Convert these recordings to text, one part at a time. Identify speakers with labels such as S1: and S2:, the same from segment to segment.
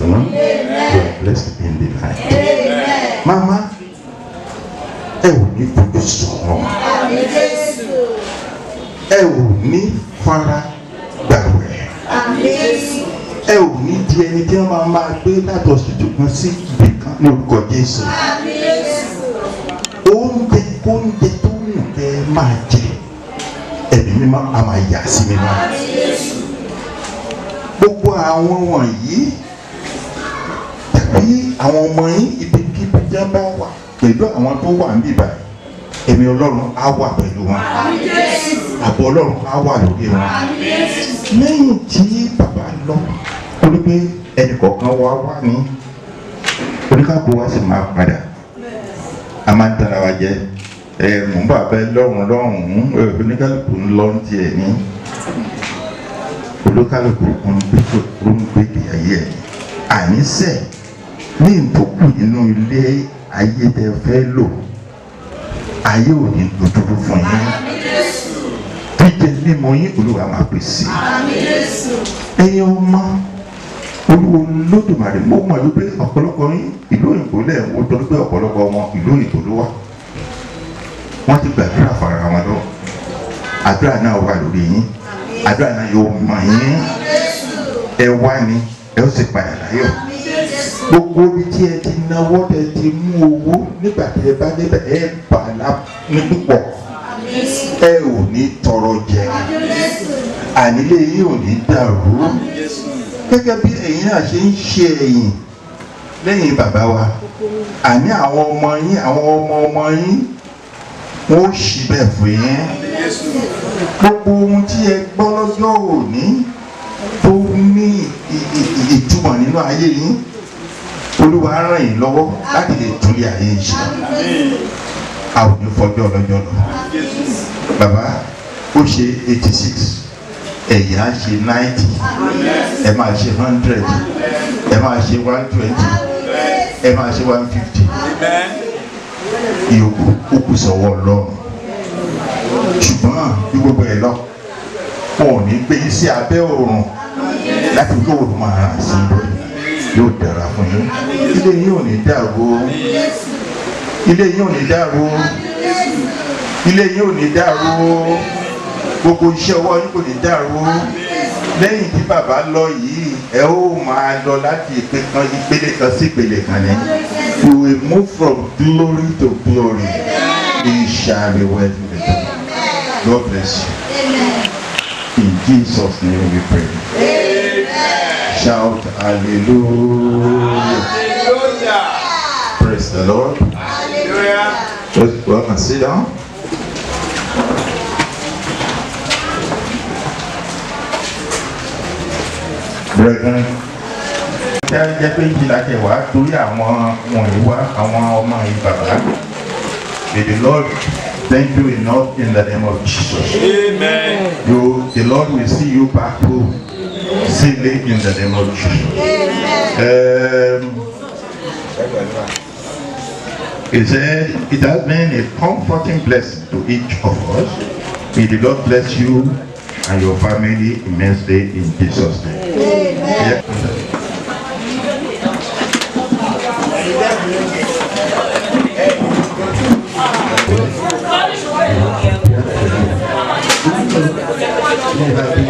S1: afternoon. Amen. You are blessed in the night. Amen. Mama, ẹ ò you fojú sọ̀rọ̀. Ẹ ò ní fara gbàwẹ̀. Ẹ ò I di ẹni tí wọ́n máa máa gbé láti ọ̀sìtò kan sí ibì kan ní orúkọ Jésù. Oúnjẹ oúnjẹ tó wù kẹ́ máa jẹ ẹ̀mí mímọ́ a máa yà sí mímọ́. Gbogbo àwọn wọ̀nyí bí àwọn ọmọ yín ibikíbi jẹ́ bá wà pẹ̀lú àwọn tó wà níbí báyìí ẹ̀mí ọlọ́run á wà pẹ̀lú wọn àbọ̀ ọlọ́run á wà lórí wọn lẹ́yìn tí bàbá lọ torí pé ẹnì kọ̀ọ̀kan wá wà ní oníkàkó wa sì máa padà a máa ń tara wa jẹ ẹ mò ń bà bẹ lọ́rùn lọ́rùn oníkàlùkù ń lọ tiẹ̀ ní olókàlùkù ń gbé ayé ẹ̀ àníṣe ní ìdókù inú ilé ayé tẹ fẹ́ lò ayé ò ní dojúrú fún yín jíjẹ mímu yín olúwa máa pèsè ẹ̀yin ọmọ olúwo lódùmarè mo mọ̀ wípé ọ̀pọ̀lọpọ̀ yín ìlú òyìnbó lẹ́ẹ̀wọ́ torí pé ọ̀pọ̀lọpọ̀ wọn ìlú òyìnbó ló wà wọ́n ti gbàdúrà fara wọn lọ àdúrà náà wà lórí yín àdúrà náà yóò mọ̀ yín ẹ wá ni ẹ ó sì padà láyọ̀ gbogbo ibi tí ẹ ti náwó tẹ ti mú owó nígbà tí ẹ bá débẹ̀ ẹ bà lá ní púpọ̀ ẹ ò ní tọrọ jẹ ànílé yìí ò ní dàrú gẹ́gẹ́ bí ẹ̀yin náà ṣe ń ṣe ẹ̀yìn lẹ́yìn bàbá wa àní àwọn ọmọ yín àwọn ọmọ ọmọ yín wọ́n ó ṣì bẹ̀ fún yín gbogbo ohun tí ẹ gbọ́ lọ́jọ́ òní tó ní ìtumọ̀ nínú ayé yín olúwa ràn yín lọ́wọ́ láti lè túlẹ̀ ayé yìí a ò ní fọjọ́ lọ́jọ́ lọ Baba, ó ṣe eighty six ẹ̀yà ṣe ninety ẹ̀ máa ṣe hundred ẹ̀ máa ṣe one twenty ẹ̀ máa ṣe one fifty ìyókù ó kù sọ́wọ́ ọlọ́run ṣùgbọ́n bí gbogbo ẹ̀ lọ wọn ò ní gbé sí abẹ́ òòrùn láti olóòrùn máa rà sí i yóò dára fún yín ilé yín ò ní dàrú ilé yín ò ní dàrú ilé yín ò ní dàrú gbogbo iṣẹ́ ọwọ́ yín kò ní dàrú lẹ́yìn tí bàbá lọ yìí ẹ ó máa lọ láti ìpele kan sí ìpele kan ni we will move from glory to glory it shall be well with you God bless you in Jesus name we pray. Amen. shout hallelujah. hallelujah. Praise the Lord. Hallelujah. Just welcome, and sit down. Brethren, May the Lord thank you enough in the name of Jesus. Amen. You, the Lord will see you back home in the name of Jesus. Um, he said, it has been a comforting blessing to each of us. May the Lord bless you and your family immensely in Jesus' name. Amen. Yeah. Thank you.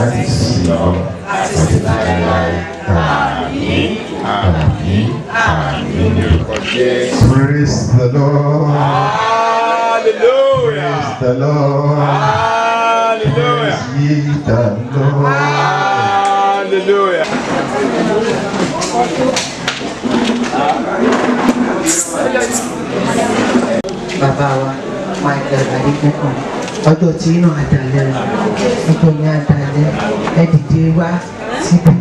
S1: praise the lord. hallelujah. praise the lord. hallelujah. praise the lord. hallelujah. Bàbá wa, Michael Adigun. ọjọ́ tí iná àdàlẹ́ ọkọ ní àdàlẹ́ ẹ dìde wá síbi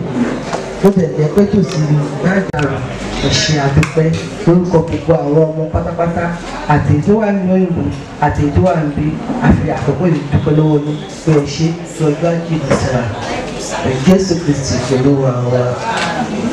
S1: ó tẹ̀lé pé tòsí bá dàrú ẹ̀ṣẹ̀ àdúpẹ́ lórúkọ gbogbo àwọn ọmọ pátápátá àti èyí tó wà nínú ìlú àti èyí tó wà níbi àfi àkọ́kọ́ ìlú dúpẹ́ lọ́wọ́ ní pé ẹ ṣe lọ́jọ́ àjèjì sára Jésù Kristi pẹ̀lú àwọn.